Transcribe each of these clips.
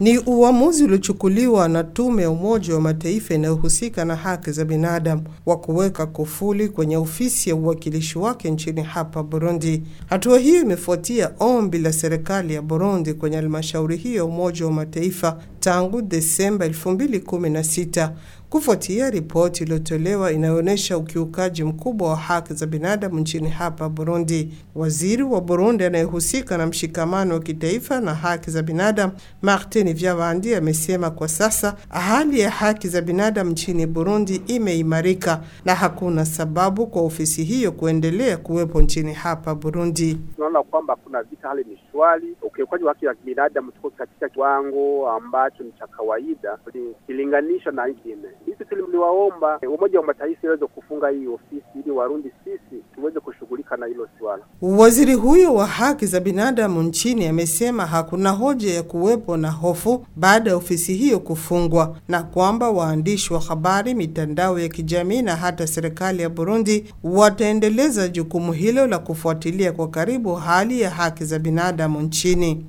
Ni uamuzi uliochukuliwa na tume ya Umoja wa Mataifa inayohusika na haki za binadamu wa kuweka kufuli kwenye ofisi ya uwakilishi wake nchini hapa Burundi. Hatua hiyo imefuatia ombi la serikali ya Burundi kwenye halmashauri hiyo ya Umoja wa Mataifa tangu Desemba 2016 kufuatia ripoti iliyotolewa inayoonyesha ukiukaji mkubwa wa haki za binadamu nchini hapa Burundi. Waziri wa Burundi anayehusika na mshikamano wa kitaifa na haki za binadamu, Martin Vyavandi amesema kwa sasa hali ya haki za binadamu nchini Burundi imeimarika na hakuna sababu kwa ofisi hiyo kuendelea kuwepo nchini hapa Burundi. Tunaona kwamba kuna vita, hali ni shwari. Ukiukaji wa haki za binadamu tuko katika kiwango ambacho ambacho ni cha kawaida ikilinganisha na nchi hizi. Tuliwaomba eh, Umoja wa Mataifa iweze kufunga hii ofisi ili Warundi sisi tuweze kushughulika na hilo swala. Waziri huyo wa haki za binadamu nchini amesema hakuna hoja ya kuwepo na hofu baada ya ofisi hiyo kufungwa na kwamba waandishi wa habari, mitandao ya kijamii na hata serikali ya Burundi wataendeleza jukumu hilo la kufuatilia kwa karibu hali ya haki za binadamu nchini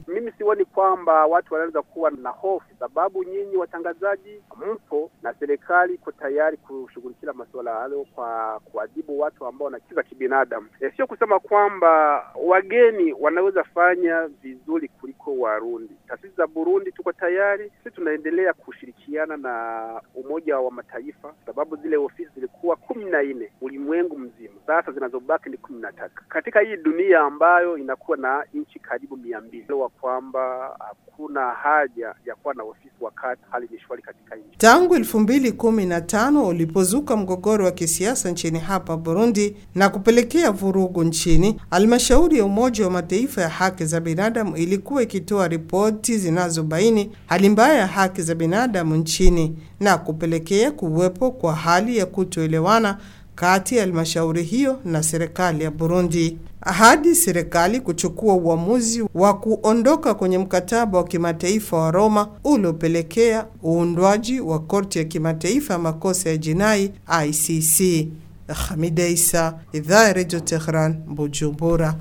kwamba watu wanaweza kuwa na hofu, sababu nyinyi watangazaji mpo na serikali iko tayari kushughulikia masuala hayo kwa kuadhibu watu ambao wanakiza kibinadamu. E, sio kusema kwamba wageni wanaweza fanya vizuri kuliko Warundi. Taasisi za Burundi tuko tayari, sisi tunaendelea kushirikiana na Umoja wa Mataifa sababu zile ofisi zilikuwa kumi na nne ulimwengu mzima, sasa zinazobaki ni kumi na tatu katika hii dunia ambayo inakuwa na nchi karibu mia mbili wa kwamba hakuna haja ya kuwa na ofisi wakati hali ni shwari katika nchi. Tangu elfu mbili kumi na tano ulipozuka mgogoro wa kisiasa nchini hapa Burundi na kupelekea vurugu nchini, halmashauri ya Umoja wa Mataifa ya haki za binadamu ilikuwa ikitoa ripoti ripoti zinazobaini hali mbaya ya haki za binadamu nchini na kupelekea kuwepo kwa hali ya kutoelewana kati ya halmashauri hiyo na serikali ya Burundi. Hadi serikali kuchukua uamuzi wa kuondoka kwenye mkataba wa kimataifa wa Roma uliopelekea uundwaji wa korti ya kimataifa ya makosa ya jinai ICC. Hamida Isa, idhaa ya redio Tehran, Bujumbura.